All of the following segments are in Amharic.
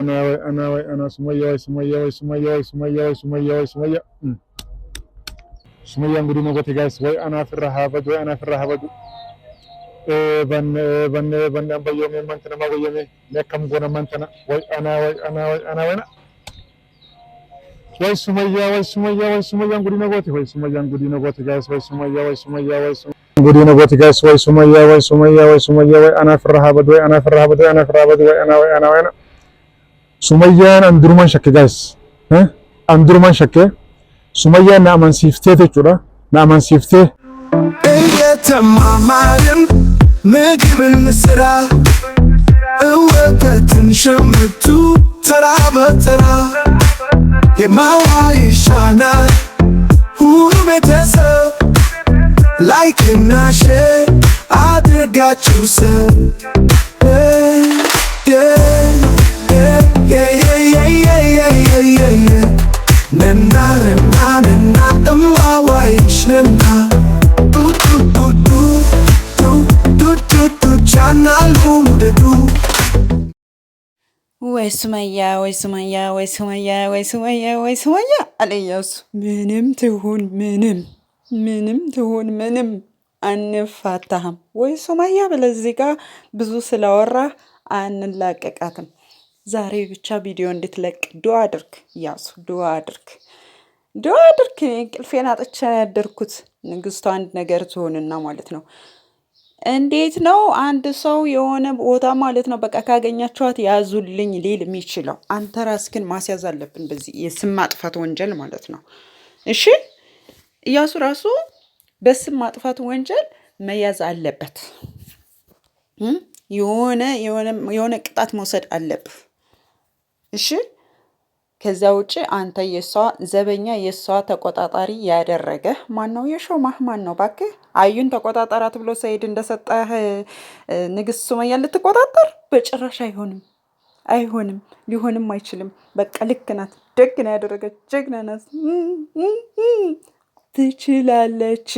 Ana anawe ana sumaya ana Sumayya sumaya Sumayya sumaya Sumayya yawai, Sumayya yawai, Sumayya yawai, Sumayya. Sumayyaan guduma gote guys, way ana firra haa way ana firra haa badu. Ban ban ban an bayyame mantana ma bayyame, ne kam gona mantana, way ana way ana way ana wayna. Way Sumayya, way Sumayya, way Sumayyaan gudina gote, way Sumayyaan gudina gote guys, way Sumayya, way Sumayya, way Sumayya. godina gooti gaas way sumayya way sumayya way sumayya way ana firra way ana firra way ana firra way ana way ana way Sumayyaan an durumaan shakke gaayis. An durumaan shakke. Sumayyaan na amansiiftee jechuudha. Na amansiiftee. እየተማማርን ምግብ እንስራ፣ ወተትን ሸምቱ ተራ በተራ የማዋ ይሻናል ሁሉ ቤተሰብ ላይክና ሼር አድርጋችሁ ሰብ ወይ ሱመያ ወይ ሱመያ ወይ ሱመያ ወይ ሱመያ ወይ ሱመያ አለ ኢያሱ። ምንም ትሁን ምንም ምንም ትሁን ምንም አንፋታህም ወይ ሱመያ ብለህ እዚህ ጋ ብዙ ስላወራህ አንላቀቃትም። ዛሬ ብቻ ቪዲዮ እንድትለቅ ዱአ አድርግ እያሱ፣ ዱአ አድርግ፣ ዱአ አድርግ። እንቅልፌን አጥቼ ያደርኩት ንግስቷ አንድ ነገር ትሆንና ማለት ነው እንዴት ነው አንድ ሰው የሆነ ቦታ ማለት ነው በቃ ካገኛችኋት ያዙልኝ ሊል የሚችለው? አንተ ራስህን ማስያዝ አለብን። በዚህ የስም ማጥፋት ወንጀል ማለት ነው። እሺ እያሱ ራሱ በስም ማጥፋት ወንጀል መያዝ አለበት። የሆነ የሆነ ቅጣት መውሰድ አለብህ። እሺ ከዚያ ውጭ አንተ የሷ ዘበኛ የሷ ተቆጣጣሪ ያደረገ ማን ነው? የሾማህ ማን ነው? እባክህ አዩን ተቆጣጠራት ብሎ ሰኢድ እንደሰጠህ ንግስት ሱመያ ልትቆጣጠር በጭራሽ አይሆንም፣ አይሆንም፣ ሊሆንም አይችልም። በቃ ልክ ናት። ደግና ያደረገች ጀግና ናት። ትችላለች፣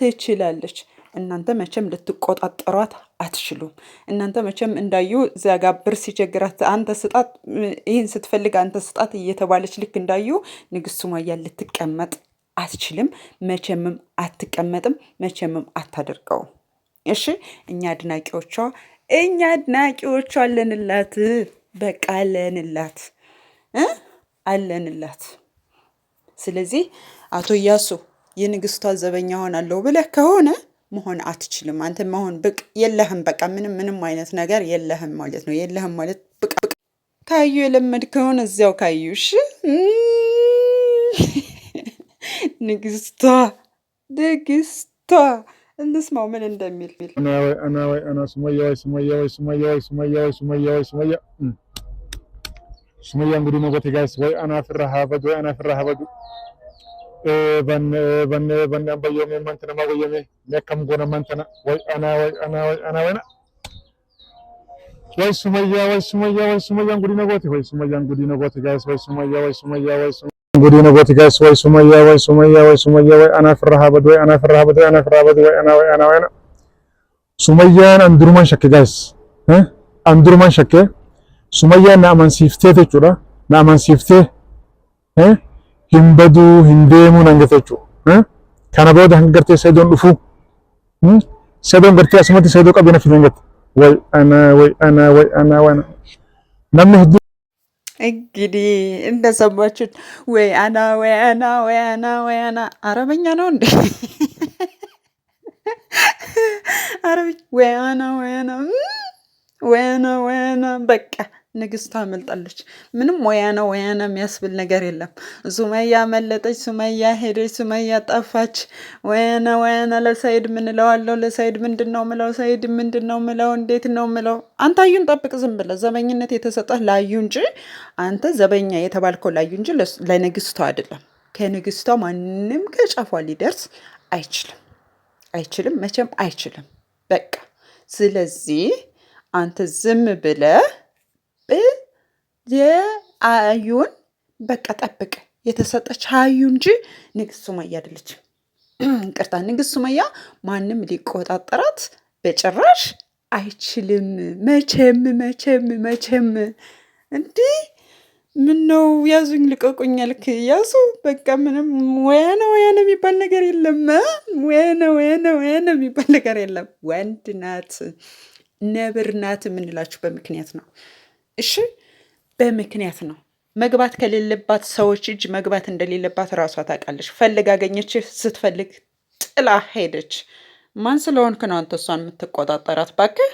ትችላለች። እናንተ መቼም ልትቆጣጠሯት አትችሉም። እናንተ መቼም እንዳዩ እዚያ ብር ሲቸግራት አንተ ስጣት፣ ይህን ስትፈልግ አንተ ስጣት እየተባለች ልክ እንዳዩ ንግስት ሱመያ ልትቀመጥ አትችልም። መቼምም አትቀመጥም። መቼምም አታደርገውም። እሺ እኛ አድናቂዎቿ እኛ አድናቂዎቿ አለንላት፣ በቃ አለንላት አለንላት ስለዚህ አቶ እያሱ የንግስቷ ዘበኛ ሆናለሁ ብለህ ከሆነ መሆን አትችልም። አንተ መሆን ብቅ የለህም። በቃ ምንም ምንም አይነት ነገር የለህም ማለት ነው። የለህም ማለት ብቅ ብቅ ካዩ የለመድከውን እዚያው ካዩሽ ንግስቷ ንግስቷ እንስማው ምን እንደሚል ሱመያ እንግዲህ ሞገቴ ጋይስ ወይ አናፍራሃበድ ወይ አናፍራሃበድ ban ban ban ban bayyame mantana ma bayyame me kam gona mantana wai ana wai ana wai ana wai na wai sumayya wai sumayya wai sumayya gudi na gote wai sumayya gudi na gote guys wai sumayya wai sumayya wai sumayya gudi na gote guys wai sumayya wai sumayya wai sumayya wai ana fi rahabad wai ana fi rahabad wai ana fi rahabad wai ana wai ana wai na sumayya na andurman shakke guys eh andurman shakke sumayya na amansiftee jechuudha na amansiftee eh hinbadu hindeemuu nan jette jechuudha. Kana booda hanga gartee seedoon dhufuu seedoon gartee asumatti seedoo qabdina fidan jette ወይ አና ወይ አና ወይ አና ዋና ነምህዱ እንግዲህ እንደሰማችሁት ወይ አና ወይ አና ወይ አና ወይ አና አረበኛ ነው እንዴ? አረብ ወይ አና ወይ አና ወይ አና ወይ አና በቃ ንግስቷ አመልጣለች። ምንም ወያነ ወያነ የሚያስብል ነገር የለም። ሱመያ መለጠች፣ ሱመያ ሄደች፣ ሱመያ ጠፋች። ወያነ ወያነ ለሰይድ ምን እለዋለሁ? ለሰይድ ምንድን ነው ምለው? ሰይድ ምንድን ነው ምለው? እንዴት ነው ምለው? አንተ አዩን ጠብቅ። ዝም ብለህ ዘበኝነት የተሰጠህ ላዩ እንጂ አንተ ዘበኛ የተባልከው ላዩ እንጂ ለንግስቷ አይደለም። ከንግስቷ ማንም ከጫፏ ሊደርስ አይችልም፣ አይችልም፣ መቼም አይችልም። በቃ ስለዚህ አንተ ዝም ብለህ የአዩን በቃ ጠብቅ የተሰጠች አዩ እንጂ ንግስት ሱመያ አይደለች። ቅርታ ንግስት ሱመያ ማንም ሊቆጣጠራት በጭራሽ አይችልም። መቼም መቼም መቼም እንዲህ ምን ነው ያዙኝ ልቀቁኝ አልክ ያዙ በቃ ምንም ወያነ ወያነ የሚባል ነገር የለም። ወያነ ወያነ ወያነ የሚባል ነገር የለም። ወንድ ናት ነብር ናት የምንላችሁ በምክንያት ነው። እሺ በምክንያት ነው። መግባት ከሌለባት ሰዎች እጅ መግባት እንደሌለባት ራሷ ታውቃለች። ፈልግ አገኘች፣ ስትፈልግ ጥላ ሄደች። ማን ስለሆንክ ነው አንተ እሷን የምትቆጣጠራት? እባክህ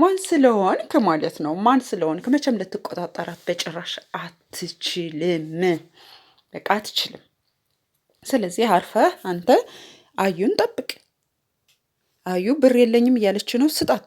ማን ስለሆንክ ማለት ነው። ማን ስለሆንክ መቼም ልትቆጣጠራት በጭራሽ አትችልም። በቃ አትችልም። ስለዚህ አርፈህ አንተ አዩን ጠብቅ። አዩ ብር የለኝም እያለች ነው፣ ስጣት።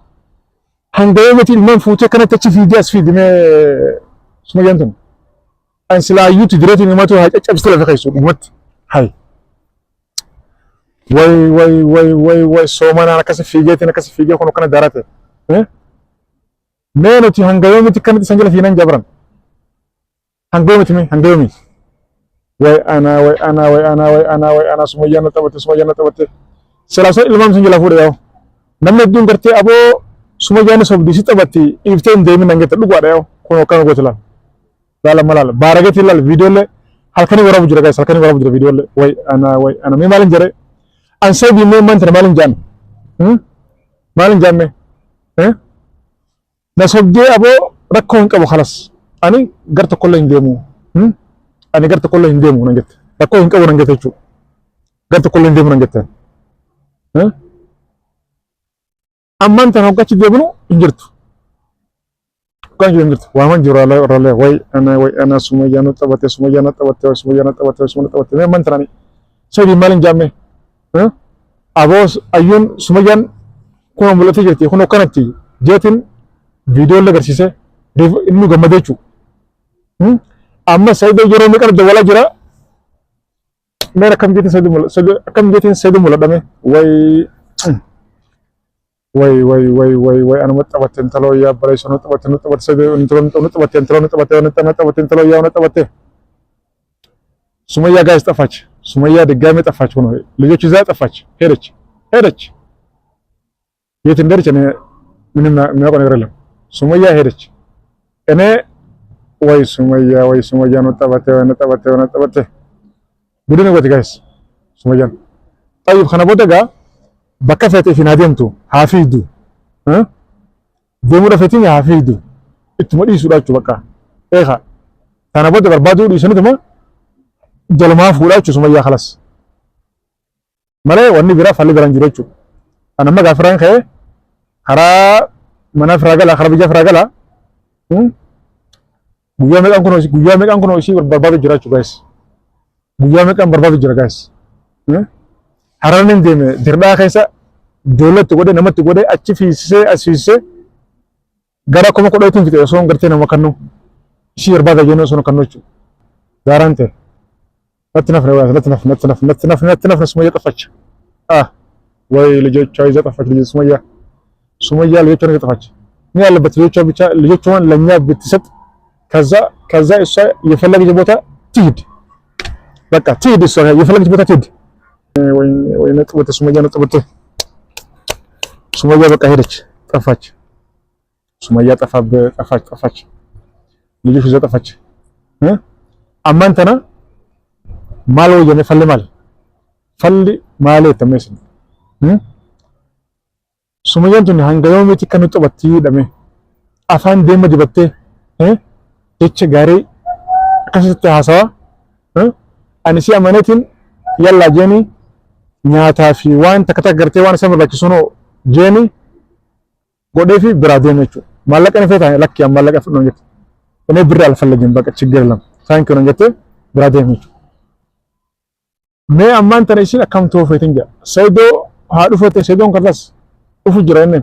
handawati manfute kanatti fiidiyas fiidime suma jantun an silayyuti dirati nimatu ha caccabsu lafa kai su dumatti hai way way way way way somana na kasa fiigeti na kasa fiige kono kana darate eh menoti hangawati kanatti sanjala fiinan jabran hangawati me hangawati way ana way ana way ana way ana way ana suma janna tabate suma janna tabate selaso ilmam sanjala fude yaw namne dun garte abo sumayaana sobdisi taphatti ifteen deemin nangetta dhugwaadhayo kun akkana gotila laala malaala baaragati laal viidiyoolle halkani waraabu jira gaas halkani waraabu jira viidiyoolle way ana way ana mi maalin jire an seebii mee maantana maalin jaan maalin jaan mee na sobdee aboo rakkoo hin qabu halas ani gar tokkolla hin deemu ani gar tokkolla hin deemu nangette rakkoo hin qabu nangette jechuudha gar tokkolla hin deemu nangette. ammaantan hoggachi deebinu hin injirtu kan jiru hin jirtu waaman jiru rale way ana way ana sumayyaa yana tabate sumayyaa yana tabate way sumayyaa na xabate way sumayyaa na xabate mee ammaantanani sadii maal hin jaamme aboos ayyuun ko kun mul'atee jirti video akkanatti gar sise lagarsiise inni gamadechu jechuudha. Amma me kar meeqan wala jira mera kam kam jetin mo meen akkam jeetiin sayyidoo dame way ወይ ወይ ወይ ወይ ወይ አነ ወጣበት እንተሎ ያ በለሽ ነው ወጣበት ነው ወጣበት ሰደ እንተሎ ነው ወጣበት እንተሎ ነው ወጣበት ነው ወጣበት እንተሎ ያ ነው ወጣበት ሱመያ ጋይስ ጠፋች። ሱመያ ድጋሜ ጠፋች። ሆኖ ልጆች ይዛ ጠፋች። ሄደች ሄደች። የት እንደሄደች እኔ ምንም የሚያውቀው ነገር የለም። ሱመያ ሄደች። እኔ ወይ ሱመያ ወይ ሱመያ ነው ወጣበት ነው ወጣበት ነው ወጣበት ቡድን ወጥ ጋይስ ሱመያን ጠይብ ከነበደጋ bakkasate isin ademtu haafidu deemu dafetin haafidu ittuma dhiisudha jechu bakka eeka kana booda barbaaduu dhiisanituma jalmaa fuudha jechu sumayyaa kalas malee wanni bira falli bira hin jiru jechu kana magaa firaan ka'e karaa manaa firaa gala karaa biyya firaa gala guyyaa meeqaan kunoo guyyaa meeqaan kunoo isii barbaadu jira jechu gaayis guyyaa meeqaan barbaadu jira gaayis Hararnin deeme dirdaa keessa doollatti godhee namatti godhee achi fiisisee as fiisisee gara kuma kudha ittiin fixe osoo gartee nama kannu ishii barbaada jennu osoo kannu jechuudha. Daaraan ta'e natti nafne waan natti nafne natti nafne natti nafne natti nafne sumayya xafacha. Ah ወይ ልጆቿ ይዛ ጠፋች። ልጅ ሱመያ ሱመያ ልጆቿን ይዛ ጠፋች። ምን ያለበት ልጆቿን ብቻ ልጆቿን ለኛ ብትሰጥ ከዛ ከዛ እሷ የፈለገች ቦታ ትሂድ፣ በቃ ትሂድ፣ እሷ የፈለገች ቦታ ትሂድ። ወይ ነጥቦት ሱመያ ነጥቦት ሱመያ በቃ ሄደች፣ ጠፋች። ሱመያ ጠፋብ ጠፋች፣ ጠፋች። ልጅሽ እዛ ጠፋች። አማንተና ማል ወየኔ ፈል ማል ፈል ማል ተመስ ሱመያን ቱን ሃንገያው ሜቲ ከነጥቦት ደሜ አፋን ደመ ዲበቴ ጀቸ ጋሬ ከሰተ ሀሳዋ አንሲ አመነትን ያላ ጀኒ nyaataa fi waan takka takka gartee waan isa barbaachisunoo jeeni godhee fi biraa deema jechuudha. Maallaqa ni feetaan lakki amma maallaqa fudhan jette. Inni birraa alfallagin baqa chiggir lama. Isaan kennan jette biraa deema jechuudha. Mee ammaan tana isin akkam toofeetin jedha. Saydoo haa dhufate saydoon kallas dhufu jira inni.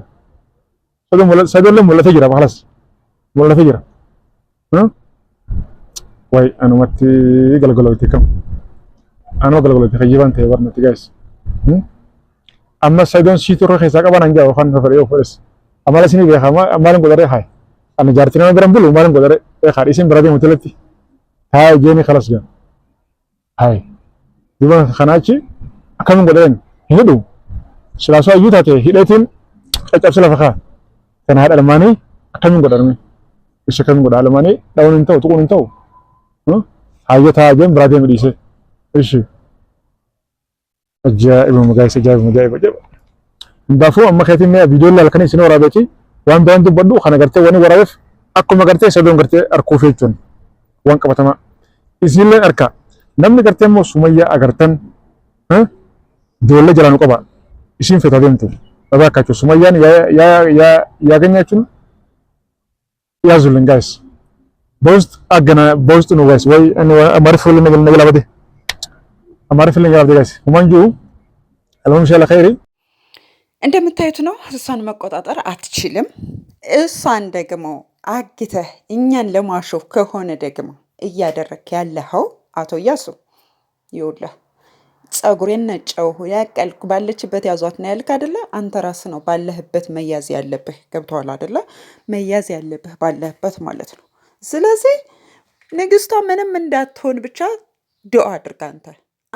Saydoon illee mul'atee jira kalas mul'atee jira. Wayi anumatti galgalooti kam. Anuma galgalooti kayyibaan ta'e barnatti gaa'is. ammas I don't see turre keessa qaban hanga yookaan na fedhe ofees amala sini beekama amala godare hay ana jaartin nama beram bulu amala godare e khari sin deemu mutelati hay jeni khalas gan hay duba kanaachi akkamin godheen hin hidhu silaasoo ayyuu taate hidheetiin caccabsi lafa kaa kana haadha lamaanii akkamin godhanme isa akkamin godhaa lamaanii dhawan hin ta'u tuquun hin ta'u hayyataa jeen biraa deemu dhiise ishii ajaa'ibuma gaa'is ajaa'ibuma ajaa'iba jedhu. Hundaafuu amma keetiin mi'a viidiyoon laal kan isin waraabeeti waan biraan dubbadhu kana gartee wani waraabeef akkuma gartee sadoon gartee harkuuf jechuun waan qabatamaa. Isinillee harka namni gartee immoo sumayyaa agartan ijoollee jalaa nu qaba isin feetaa deemtu dhabaa akka jechuun sumayyaan yaa ganya jechuun yaazuliin gaa'is. Boost agana boost nu gaa'is wayi marifuullee nagalabate. አማርፍ ልንገር አብደጋሽ ሁማንጁ አልሙምሻ ለኸይሪ እንደምታዩት ነው። እሷን መቆጣጠር አትችልም። እሷን ደግሞ አግተህ እኛን ለማሾፍ ከሆነ ደግሞ እያደረክ ያለኸው አቶ እያሱ ይውለህ ጸጉሬን ነጨው ያቀልኩ ባለችበት ያዟት ነው ያልክ አደለ? አንተ ራስ ነው ባለህበት መያዝ ያለብህ። ገብተዋል አደለ? መያዝ ያለብህ ባለህበት ማለት ነው። ስለዚህ ንግስቷ ምንም እንዳትሆን ብቻ ዶ አድርግ አንተ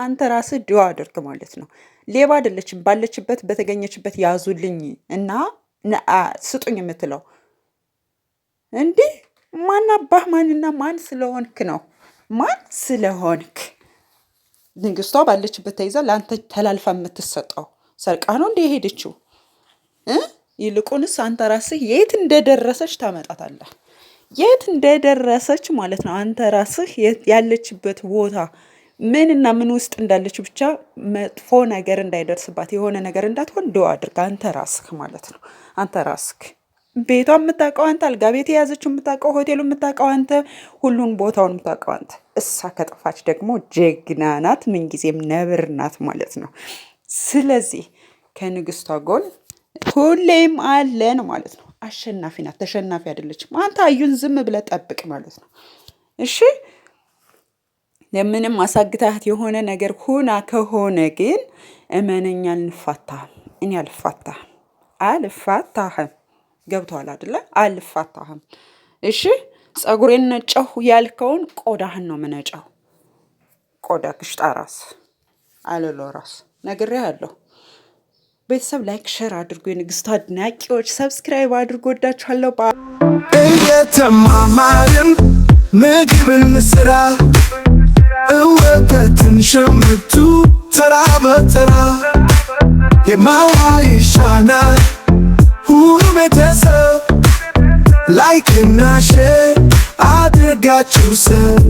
አንተ ራስ ድዋ አድርግ ማለት ነው። ሌባ አይደለችም። ባለችበት በተገኘችበት ያዙልኝ እና ስጡኝ የምትለው እንዲህ ማና አባህ ማንና ማን ስለሆንክ ነው? ማን ስለሆንክ ንግስቷ ባለችበት ተይዛ ለአንተ ተላልፋ የምትሰጠው ሰርቃ ነው እንደ ሄደችው። ይልቁንስ አንተ ራስህ የት እንደደረሰች ታመጣታለህ። የት እንደደረሰች ማለት ነው። አንተ ራስህ ያለችበት ቦታ ምን እና ምን ውስጥ እንዳለች ብቻ መጥፎ ነገር እንዳይደርስባት የሆነ ነገር እንዳትሆን ዶ አድርግ አንተ ራስክ ማለት ነው። አንተ ራስክ ቤቷ የምታውቀው አንተ፣ አልጋ ቤት የያዘችው የምታውቀው፣ ሆቴሉ የምታውቀው አንተ፣ ሁሉን ቦታውን የምታውቀው አንተ። እሳ ከጠፋች ደግሞ ጀግና ናት፣ ምንጊዜም ነብር ናት ማለት ነው። ስለዚህ ከንግስቷ ጎን ሁሌም አለን ማለት ነው። አሸናፊ ናት፣ ተሸናፊ አይደለችም። አንተ አዩን ዝም ብለህ ጠብቅ ማለት ነው እሺ። ለምንም አሳግታት የሆነ ነገር ሁና ከሆነ ግን እመነኝ፣ አልፋታህም። እኔ አልፋታ አልፋታህም። ገብቶሃል አይደለ? አልፋታህም። እሺ፣ ጸጉሬን ነጨሁ ያልከውን ቆዳህን ነው ምነጨው። ቆዳ ግሽጣ ራስ አለሎ ራስ አለሁ። ቤተሰብ ላይክ ሸር አድርጉ። የንግስቱ አድናቂዎች ሰብስክራይብ አድርጉ። ወዳችኋለሁ። እየተማማርን ምግብን ስራ እውቀትን ሸምቱ ተራ በተራ የማዋ ይሻናል ሁሉ ቤተሰብ ላይክና ሼር አድርጋችሁ ሰብ